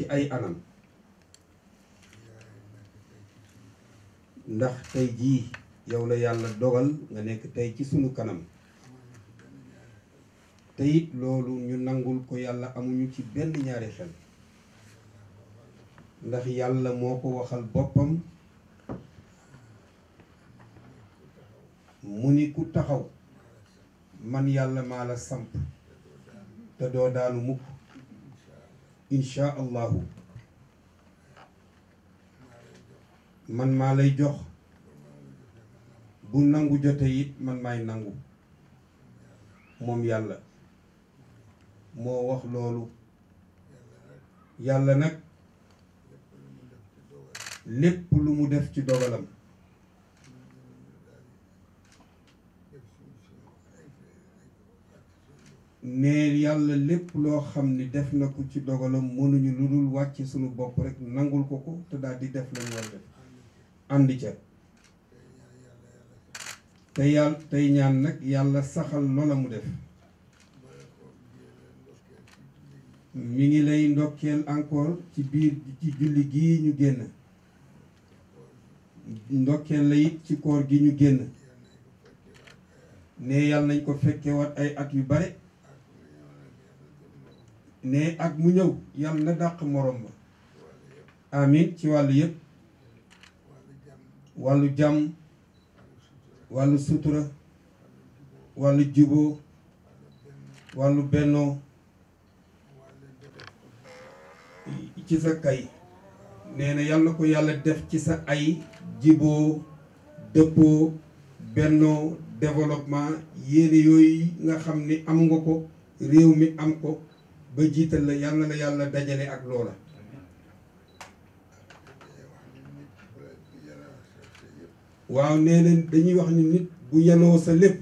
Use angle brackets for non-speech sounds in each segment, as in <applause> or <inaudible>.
ci ay anam ndax tey jii yow la yàlla dogal nga nekk tey ci sunu kanam te loolu ñu nangul ko yàlla amuñu ci benn ñaari xel ndax yàlla moo ko waxal boppam mu ni ku taxaw man yàlla maa la samp te doo daanu mukk incha allahu man maa lay jox bu nangu jote it man maay nangu moom yàlla moo wax loolu yàlla nag lépp lu mu def ci dogalam ne yàlla lépp loo xam ni def na ko ci dogalam mënuñu lu dul wàcce suñu bopp rek nangul ko ko te daal di def lañu def ànd ca te yàlla tey ñaan nag yàlla saxal loola mu def mi ngi lay ndokkeel encore ci biir ci julli gi ñu génn ndokkeel la it ci koor gi ñu génn ne yàlla nañ ko fekkewaat ay at yu bare ne ak mu ñëw yal na dàq morom ba amin ci wàll yëpp wàllu jàmm wàllu sutura wàllu juboo wàllu bennoo ci sa kay nee na yal ko yàlla def ci sa ay jiboo dëppoo bennoo développement yéene yooyu nga xam ni am nga ko réew mi am ko ba jiital la yàlla na yàlla dajale ak loola waaw nee na dañuy wax ni nit bu yanoo sa lépp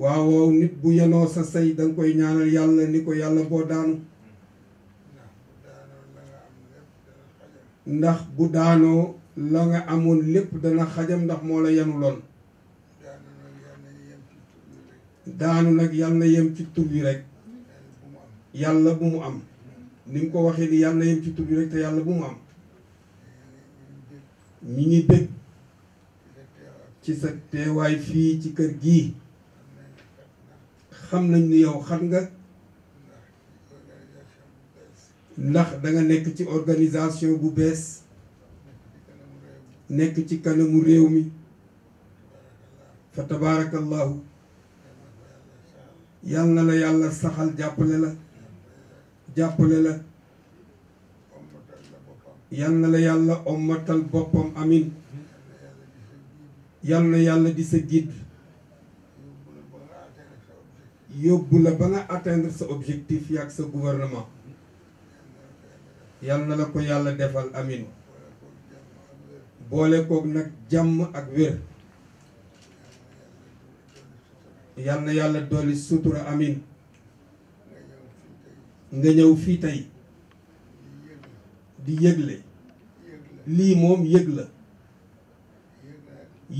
waaw waaw nit bu yanoo sa say danga koy ñaanal yàlla ni ko yàlla boo daanu ndax bu daanoo la nga amoon lépp dana xajam ndax moo la yanu loon daanu nag yàlla na yem ci tur bi rek yàlla bu mu am ni mu ko waxee ni yàlla na ci tur bi rek te yàlla bu mu am ñi ngi dégg ci sa teewaay fii ci kër gii xam nañ ni yow xam nga ndax danga nekk ci organisation bu bees nekk ci kanamu réew mi fa tabaarakallahu yàlla na la yàlla saxal jàppale la jàppale la yàlla na la yàlla ommatal boppam amin yàlla na yàlla di sa guide yóbbu la ba nga atteindre sa objectif yaag sa gouvernement yàlla na la ko yàlla defal amin boole koog nag jàmm ak wér yal na yàlla dolli sutura amin nga ñëw fii tey di yëgle lii moom yëg la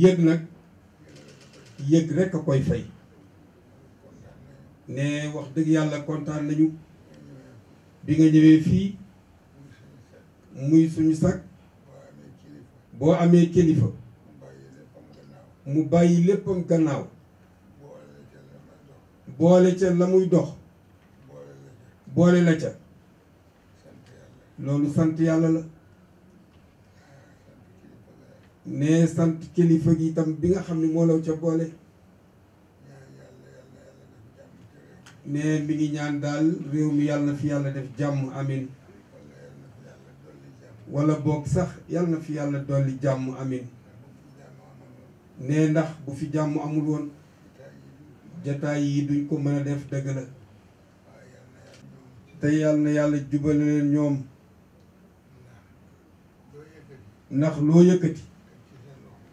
yëg nag yëg rekk a koy fay ne wax dëgg yàlla kontaan nañu bi nga ñëwee fii muy suñu sag boo amee kilifa mu bàyyi léppam gannaaw boole ca la muy dox boole la ca loolu sant yàlla la ne sant kilifa gi itam bi nga xam ne moo law ca boole ne mi ngi ñaan daal réew mi yàlla na fi yàlla def jàmm amin wala boog sax yàlla na fi yàlla dolli jàmm amin ne ndax bu fi jàmm amul woon jataay yi duñ ko mën a def dëgg te yàlla na yàlla jubale leen ñoom ndax loo yëkkati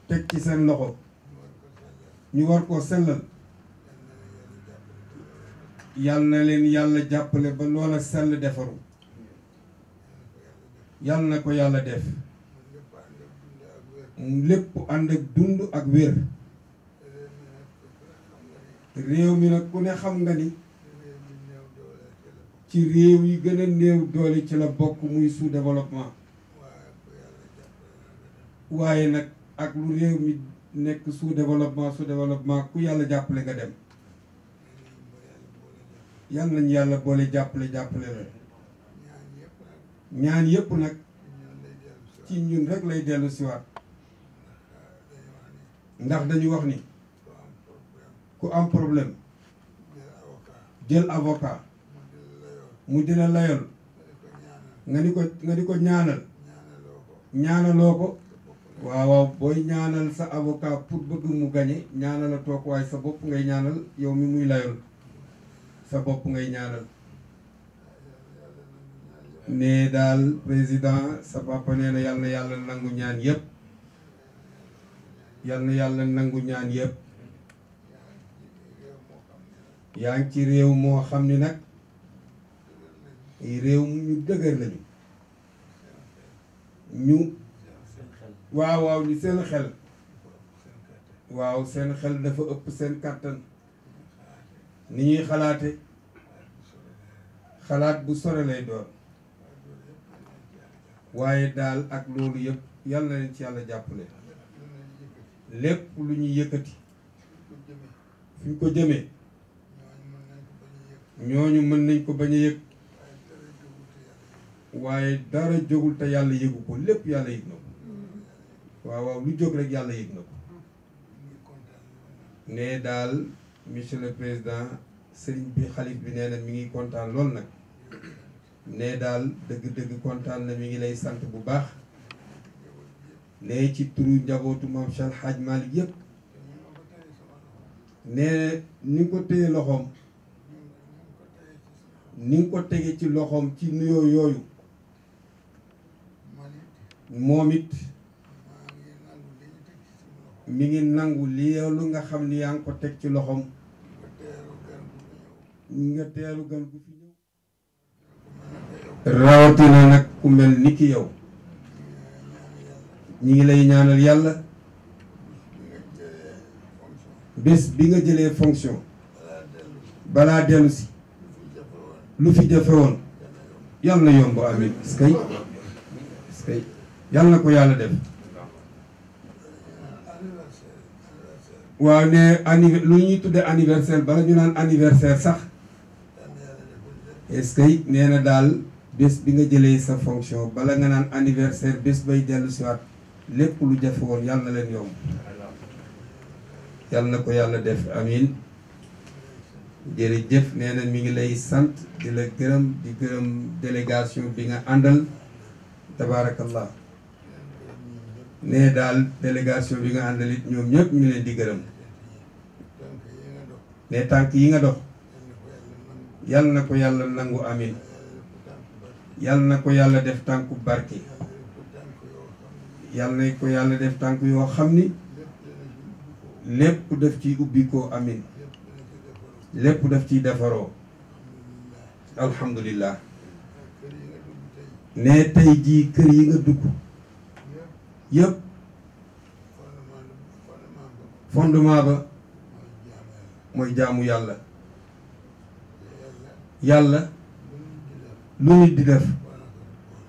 teg ci seen loxo ñu war koo sellal yàlla na leen yàlla jàppale ba loola sell defaru yàlla na ko yàlla def lépp ànd ak dund ak wér réew mi nag ku ne xam nga ni ci réew yi gën a néew doole ci la bokk muy su développement waaye nag ak lu réew mi nekk su développement su développement ku yàlla jàppale nga dem yàlla nañu yàlla boole jàppale jàppale la ñaan yépp nag ci ñun rek lay dellu siwaat ndax dañu wax ni ku am problème jël avocat mu dina layal nga di ko nga di ko ñaanal ñaanaloo ko waaw waaw booy ñaanal sa avocat pour bëgg mu gañe ñaanal a toog waaye sa bopp ngay ñaanal yow mi muy layal sa bopp ngay ñaanal ne daal président sa papa nee na yàlla na yàlla nangu ñaan yëpp yàlla na nangu ñaan yëpp yaa ngi ci réew moo xam ni nag réew mu ñu dëgër lañu ñu waaw waaw ñu seen xel waaw seen xel dafa ëpp seen kàttan ni ñuy xalaate xalaat bu sore lay doon waaye daal ak loolu yëpp yal na leen ci yàlla jàppale lépp lu ñuy yëkkati fu ñu ko jëmee ñooñu mën nañ ko bañ a yëg waaye dara jógul te yàlla yëgu ko lépp yàlla yëg na ko waaw waaw lu jóg rek yàlla yëg na ko ne daal monsieur le président sëriñ bi xalif bi nee mi ngi kontaan lool nag ne daal dëgg-dëgg kontaan na mi ngi lay sant bu baax ne ci turu njabootu maam Cheikh Hadj yëpp ne ni ko téye loxoom ni nga ko tege ci loxoom ci nuyoo yooyu moom it mi ngi nangu lu nga xam ni yaa ngi ko teg ci loxoom nga teeru gan gu fi ñëw rawatina nag ku mel ni ki yow ñu ngi lay ñaanal yàlla bés bi nga jëlee fonction balaa dellu lu fi jëfe woon yàlla na yomb amit skay skay yàlla na ko yàlla def waaw ne anniv lu ñuy tudde anniversaire bala ñu naan anniversaire sax est neena daal bés bi nga jëlee sa fonction bala nga naan anniversaire bés bay dellu siwaat lépp lu jafe woon yàlla na leen yomb yàlla na ko yàlla def amin jërëjëf nee na mi ngi lay sant di la gërëm di gërëm délégation bi nga àndal tabaarakallah nee daal délégation bi nga àndal ñoom ñëpp ñu ngi leen di gërëm ne tànk yi nga dox yal na ko yàlla nangu amin yal na ko yàlla def tànku barke yal na ko yàlla def tànk yoo xam ni lépp def ci ubbi ko amin lépp def ciy defaroo alhamdulilah ne tey jii kër yi nga dugg yëpp fondement ba mooy jaamu yàlla yàlla lu nit di def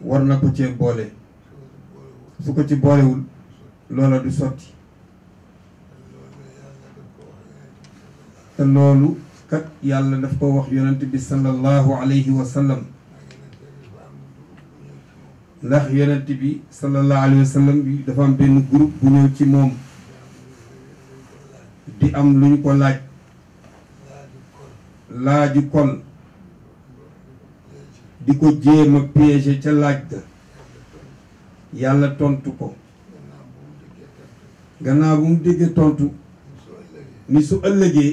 war na ko cee boole su ko ci boolewul loola du sotti te loolu kat yàlla daf ko wax yonent bi sallallahu alayhi wa sallam ndax yonent bi sallallahu alayhi wa sallam bi dafa am benn bu ñëw ci moom di am lu ñu ko laaj laaju kon di ko jéem a ca laaj ga yàlla tontu ko gannaaw bu mu déggee tontu ni su ëllëgee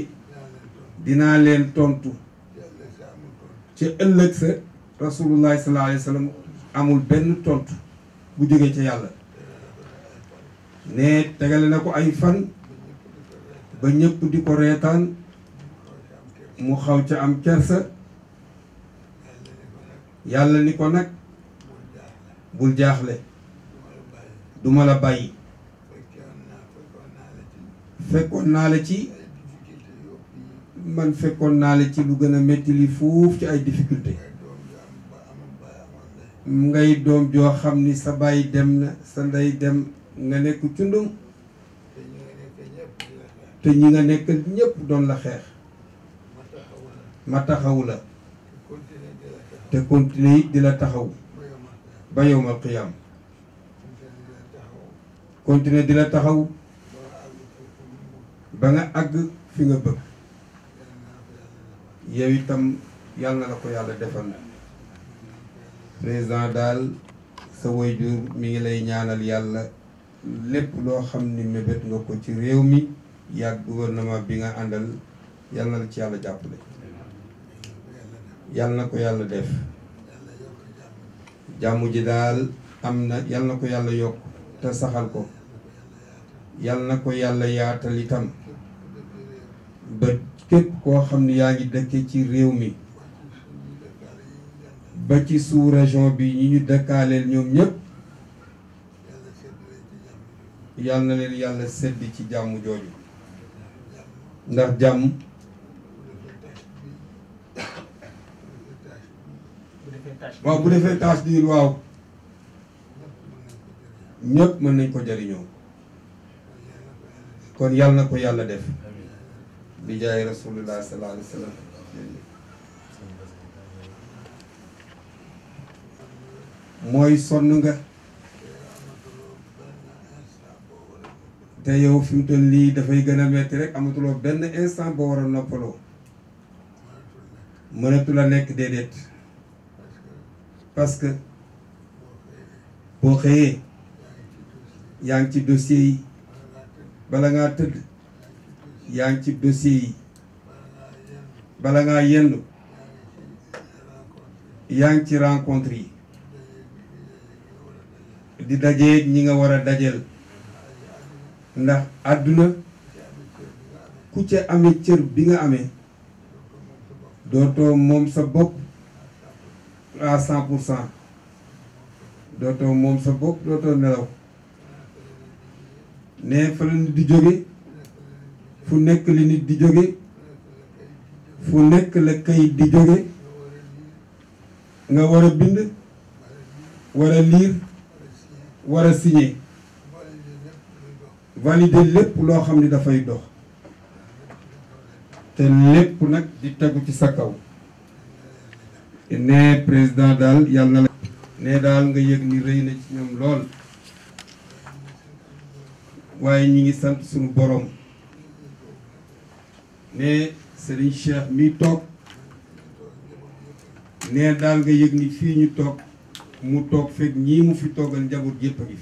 dinaa leen tontu ci ëllëg sa rasulullah sallallahu amul benn tontu bu jógee ca yàlla ne tegale na ko ay fan ba ñëpp di ko reetaan mu xaw ca am kersa yàlla ni ko nag bul jaaxle duma la bàyyi fekkoon naa la ci man fekkoon naa la ci lu gën a metti li fuuf ci ay difficulté ngay doom joo xam ni sa baay dem sa ndey dem nga nekk cundum te ñi nga nekk ñëpp doon la xeex ma taxaw la te continuer it di la taxaw ba yowmal qiyaam continuer di la taxaw ba nga àgg fi nga bëgg yow itam yàlla na la ko yàlla defal président daal sa waajur mi ngi lay ñaanal yàlla lépp loo xam ni mébét nga ko ci réew mi yàgg gouvernement bi nga àndal yàlla na la ci yàlla jàppale yàlla na ko yàlla def jàmm ji daal am na yàlla na ko yàlla yokk te saxal ko yàlla na ko yàlla yaatal itam képp koo xam ne yaa ngi dëkke ci réew mi ba ci sous région bi ñi ñu dëkkaaleel ñoom ñëpp yal na leen yàlla sedd ci jàmm jooju ndax jàmm waaw bu defee tâche diir waaw ñëpp mën nañ ko jëriñoo kon yal na ko yàlla def bi jaay rasulullah sallallahu mooy sonn nga te yow fi mu toll lii dafay gën a metti rek amatuloo benn instant boo war a noppaloo mënatu la nekk déedéet parce que boo xëyee yaa ngi ci dossier yi bala ngaa tëdd yaa ngi ci dossier yi bala ngaa yendu yaa ngi ci rencontre yi di dajeeg ñi nga war a dajeel ndax àdduna ku ca amee cër bi nga amee dootoo moom sa bopp à cent pour cent dootoo moom sa bopp dootoo nelaw ne fa la di jóge fu nekk li nit di jóge fu nekk la kayit di jóge nga war a bind war a liir war a signer valider lépp loo xam ni dafay dox te lépp nag di tegu ci sa kaw ne président daal yàlla na la ne daal nga yëg ni rëy na ci ñoom lool waaye ñu ngi sant suñu boroom ne Serigne Cheikh mi toog ne daal nga yëg ni fii ñu toog mu toog fekk ñii mu fi toogal njaboot yëpp a fi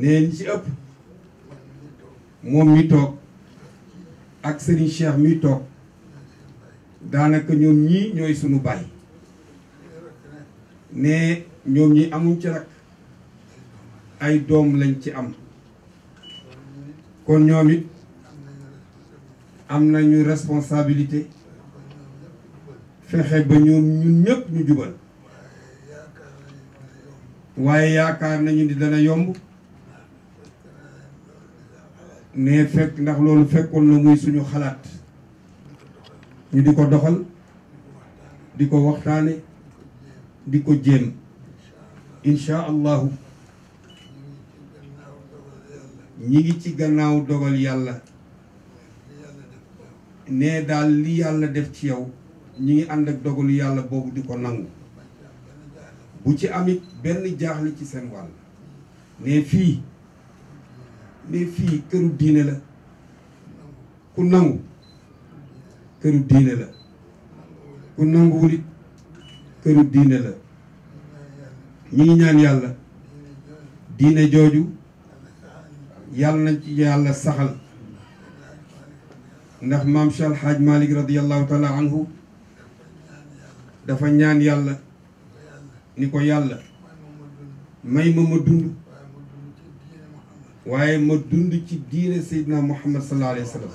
ne ñi ci ëpp moom mi toog ak Serigne Cheikh mi toog daanaka ñoom ñii ñooy sunu baay ne ñoom ñi amuñ ci rakk ay doom lañ ci am kon ñoom it am nañu responsabilité fexe ba ñoom ñun ñëpp ñu jubal waaye yaakaar nañu ni dana yomb ne fekk ndax loolu fekkoon na muy suñu xalaat ñu di ko doxal di ko waxtaane di ko jéem incha allahu ñi ngi ci gannaaw dogal yàlla ne daal li yàlla def ci yow ñu ngi ànd ak dogalu yàlla boobu di ko nangu bu ci amit benn jaaxle ci seen wàll ne fii ne fii këru diine la ku nangu këru diine la ku nanguwul it këru la ñi ngi ñaan yàlla diine jooju yàlla na ci yàlla saxal ndax maam Cheikh Alhaaj Malick radiallahu taala anhu dafa ñaan yàlla ni ko yàlla may ma ma dund waaye ma dund ci diine Seydina Muhammad sallallahu alayhi wa sallam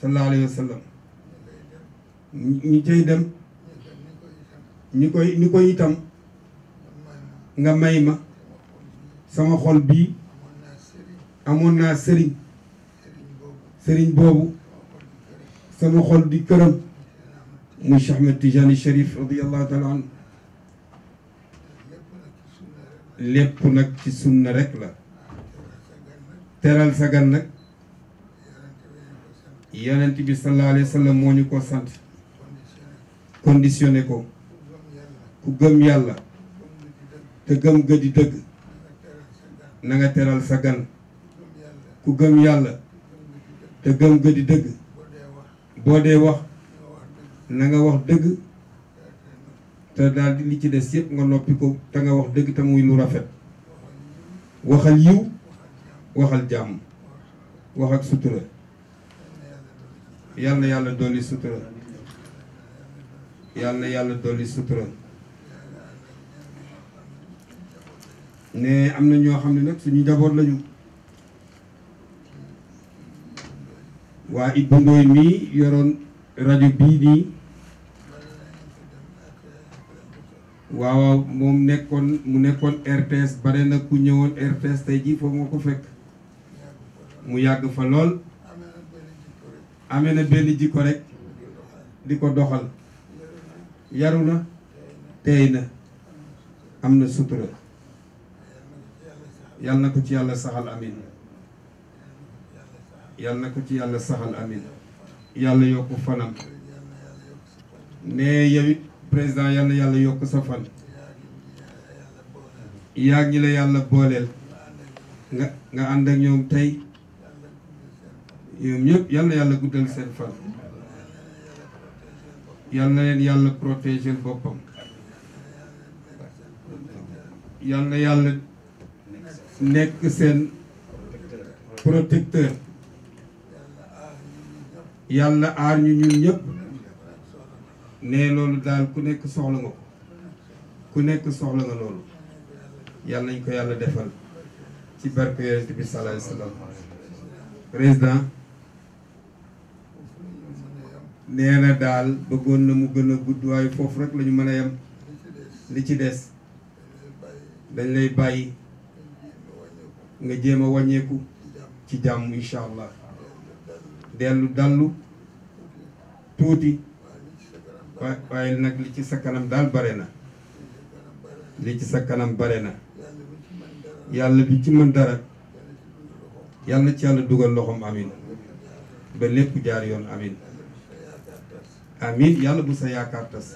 sallallahu alayhi wa sallam ñi cay dem ni koy ñi koy itam nga may ma sama xol bii amoon naa sëriñ sëriñ boobu sama xol di këram muy Cheikh Ahmed Tidiane radiallahu taala anhu lépp nag ci sunna rek la teral sa gan nag yonent bi sallallahu moo ñu ko sant conditionné ko ku gëm yàlla te gëm ga di dëgg na nga teral sa gan ku gëm yàlla te gëm ga di dëgg boo dee wax na nga wax dëgg te daal di li ci des yëpp nga noppi ko te nga wax dëgg te muy lu rafet waxal yiw waxal jàmm wax ak sutura yàlla yàlla dolli sutura yàlla yàlla dolli sutura ne am na ñoo xam ne nag suñu njaboot lañu waa Ibou Ndoye mii yoroon rajo bii nii waaw moom nekkoon mu nekkoon RTS bare na ku ñëwoon RTS tey jii foofu moo ko fekk mu yàgg fa lool amee na benn jikko rek di ko doxal yaru na teey na am na sutura yàlla na ko ci yàlla saxal amin yàlla na ko ci yàlla saxal amin yàlla yokk fanam ne yow président yàlla yàlla yokk sa fan yaa ngi la yàlla booleel nga nga ànd ak ñoom tey ñëpp yàlla yàlla guddal seen fan yàlla na leen yàlla protéger boppam yàlla yàlla nekk seen protecteur yàlla aar ñu ñun ñëpp ne loolu daal ku nekk soxla nga ko ku nekk soxla nga loolu yàlla nañ ko yàlla defal ci barke yonent bi sallallahu alayhi président nee na daal bëggoon na mu gën a gudd waaye foofu rek lañu ñu mën a yem li ci des dañ lay bàyyi nga jéem a wàññeeku ci jàmm incha allah dellu dallu tuuti waaye nag li ci sa kanam daal bare na li ci sa kanam bare na yàlla bi ci mën dara yàlla ci yàlla dugal loxoom amin ba lépp jaar yoon amin amin yàlla bu sa yaakaar tas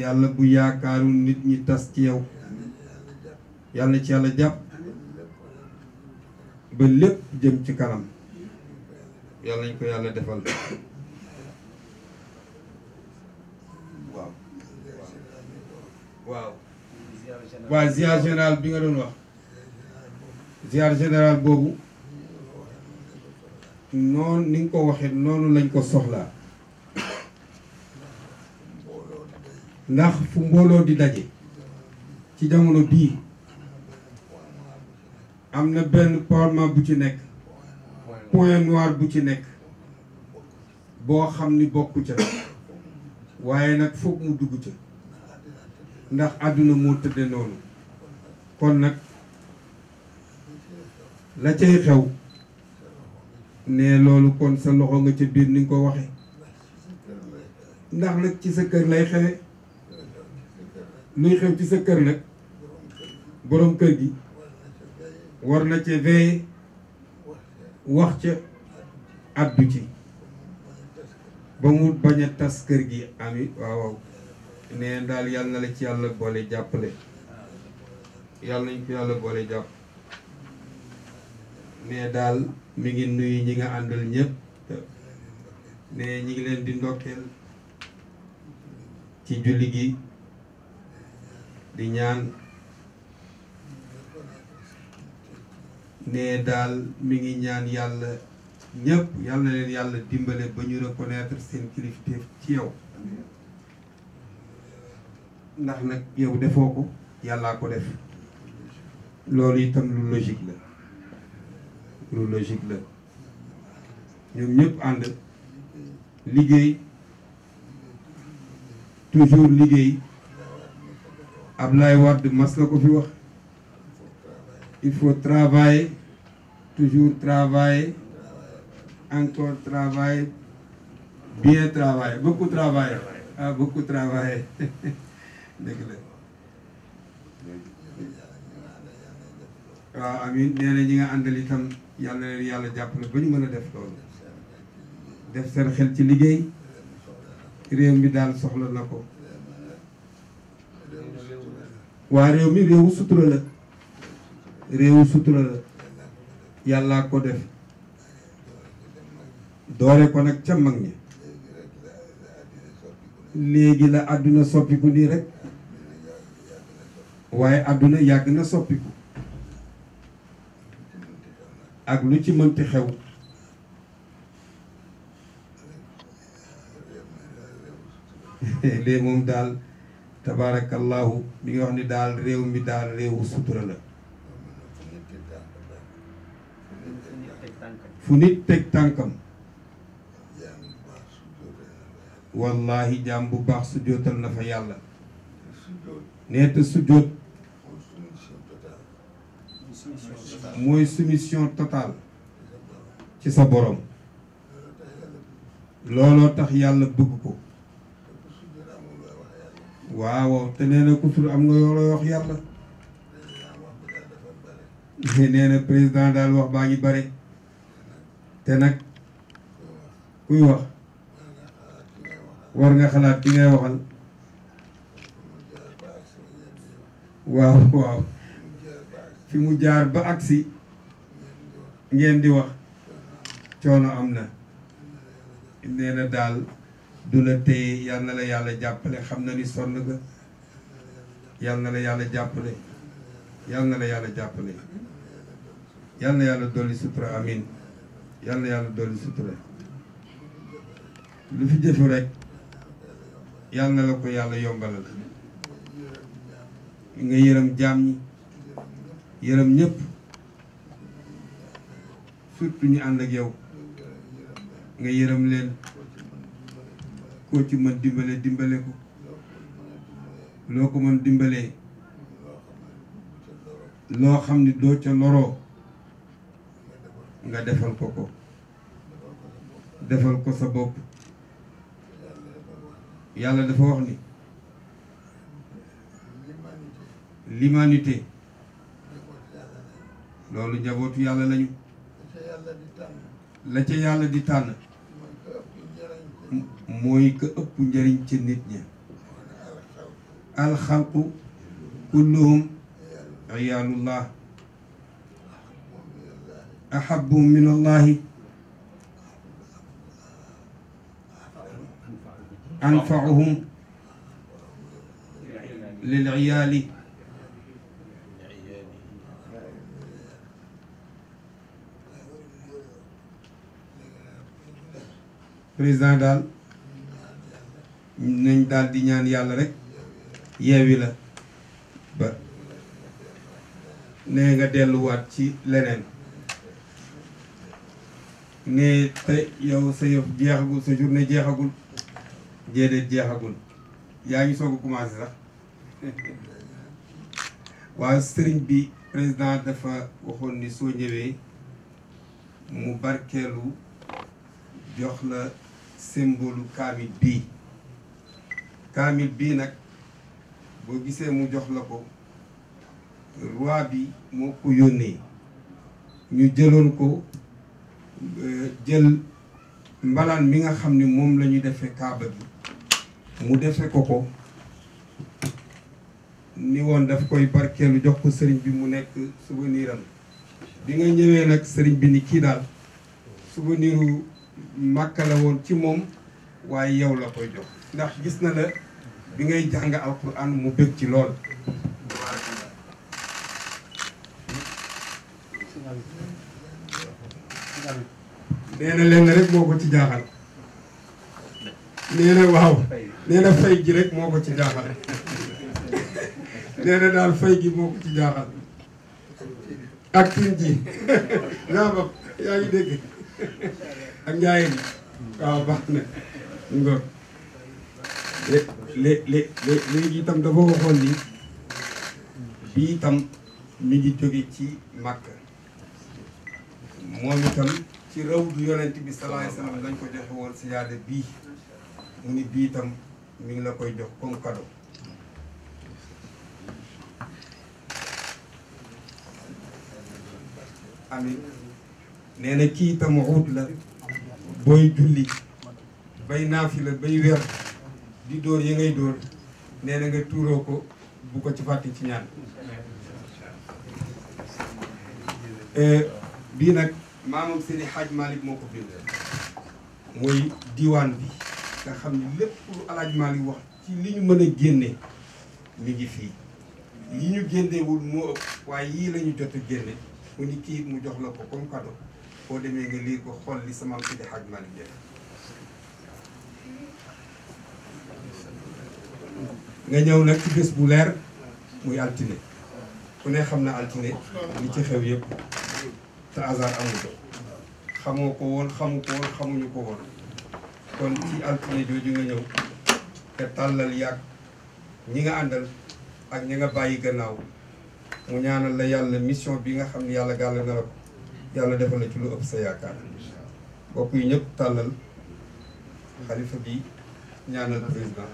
yàlla bu yaakaaru nit ñi tas ci yow yàlla ci yàlla jàpp ba lépp jëm ci kanam yàlla nañ ko yàlla defal waaw waaw waaw ziar général bi nga doon wax ziar général boobu noonu ni nga ko waxee noonu lañ ko soxlaa ndax fu mbooloo di daje ci jamono bii am na benn parlement bu ci nekk point noir bu ci nekk boo xam ni bokk ca waaye nag foog mu dugg ca ndax àdduna moo tëdde noonu kon nag la cay xew ne loolu kon sa loxo nga ca biir ni nga ko waxe ndax nag ci sa kër lay xewe luy xew ci sa kër nag boroom kër gi war na ca veiller wax ca addu ci ba mu bañ a tas kër gi ami waaw waaw nee daal yàlla la ci yàlla boole jàppale yàlla nañ ko yàlla boole jàpp nee daal mu ngi nuyu ñi nga àndal ñëpp nee ñi ngi leen di ndokkeel ci julli gi di ñaan ne daal mi ngi ñaan yàlla ñëpp yàlla leen yàlla dimbale ba ñu reconnaître seen kilifteef ci yow ndax nag yow defoo ko yàllaa ko def loolu itam lu logique la lu logique la ñoom ñëpp ànd liggéey toujours liggéey Ablaye Wade mas na ko fi wax il faut travailler toujours travail, encore travail, bien travail, beaucoup travail. Ah, beaucoup travail. waaw <laughs> ah, amiin nee ñi nga àndal itam yàlla yàlla jàppale ba ñu mën a def loolu def seen xel ci liggéey réew mi daal soxla na ko waa réew mi réewu sutura la réewu sutura la yàllaa ko def doore ko nag ca mag ñi léegi la àdduna soppiku nii rek waaye àdduna yàgg na soppiku ak lu ci mënti xew léegi <laughs> moom daal tabaarakallaahu mi ngi wax ni daal réew mi daal réewu sutura la fu nit teg tànkam wallahi jaam bu baax sujjóotal na fa yàlla neeta sujjóot mooy soumission totale ci sa borom looloo tax yàlla bëgg ko waaw te nee na am nga yooloo wax yàlla nee président daal wax baa ngi bare te nag kuy wax war nga xalaat ki ngay waxal waaw waaw fi mu jaar ba agsi ngeen di wax coono am na nee daal du la téye la yàlla jàppale xam na ni sonn nga yal na la yàlla jàppale yal na la yàlla jàppale yàlla dolli sutura amin yàlla yàlla dolli sutura lu fi jëfu rek yàlla na la ko yàlla yombalal nga yërëm jaam ñi yërëm ñëpp surtout ñu ànd ak yow nga yërëm leen koo ci mën dimbale dimbale ko loo ko mën dimbalee loo xam ni doo ca loroo nga defal ko ko defal ko sa bopp yàlla dafa wax ni l'humanité loolu njabootu yàlla lañu la ca yàlla di tànn mooy ka ëpp njëriñ ci nit ñi alxalqu kulluhum iyaalullah ahabu min allahi anfauhum lilciyaali président daal nañ daal di ñaan yàlla rek yeewi la nee nga delluwaat ci leneen ne te yow sa yëf jeexagul sa journée jeexagul déedéet jeexagul yaa ngi soog a commencé sax <laughs> waaye sëriñ bi président dafa waxoon ni soo ñëwee mu barkeelu jox la symbole kaamil bii kaamil bii nag boo gisee mu jox la ko roi bi moo ko yónnee ñu jëloon ko Euh, jël mbalaan mi nga xam ni moom lañuy ñu defee kaaba gi mu defe ko ko ni woon daf koy barkeelu jox ko sëriñ bi mu nekk souvenir am bi nga ñëwee nag sëriñ bi ni kii daal souveniru Màkka la woon ci moom waaye yow la koy jox ndax gis na ne bi ngay jàng alquran mu bëgg ci lool jaaxal nee lenn rek moo ko ci jaaxal nee waaw nee na fay rek moo ko ci jaaxal nee daal fay ji moo ko ci jaaxal ak tin ji naa ba yaa ngi dégg ak njaayeen waaw baax na ngor lé- lé- lé- léegi itam dafa waxoon ni bii itam mi ngi jóge ci màkk moom itam ci rawdu yonent bi sallallahu alayhi wa sallam lañ ko joxe woon siyaade bii mu ni bii itam mi ngi la koy jox comme cadeau amin nee na kii itam uut la booy julli bay naafi la bay weer di dóor yi ngay dóor nee na nga tuuroo ko bu ko ci fàtte ci ñaan eh, bii nag maamam Seydi Hadj Malick moo ko bind mooy diwaan bi nga xam ne lépp lu Alaaji wax ci li ñu mën a génne mi ngi fii yi ñu génneewul moo ëpp waaye yii lañu jot a génne mu ni kii mu jox la ko comme cadeau boo demee nga lii ko xool li sama maam Seydi Hadj Malick nga ñëw nag ci bés bu leer muy altine ku ne xam na altine li ci xew yëpp te hasard amu ko xamoo ko woon xamuñu ko woon kon ci altine jooju nga ñëw te tàllal yàgg ñi nga àndal ak ñi nga bàyyi gannaaw mu ñaanal la yàlla mission bi nga xam ne yàlla gàll na la yàlla defal la ci lu ëpp sa yaakaar bokk yi ñëpp tàllal xalifa bi ñaanal président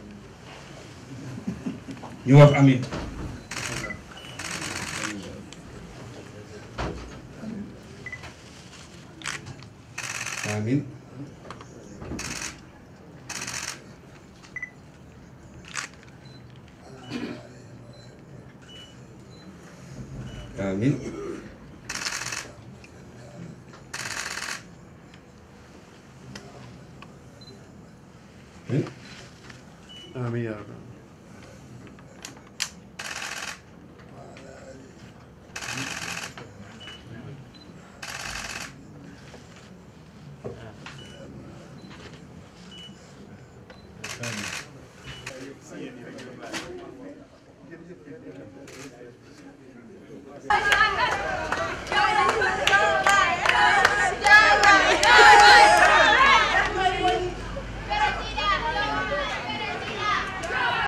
ñu wax amin amin amin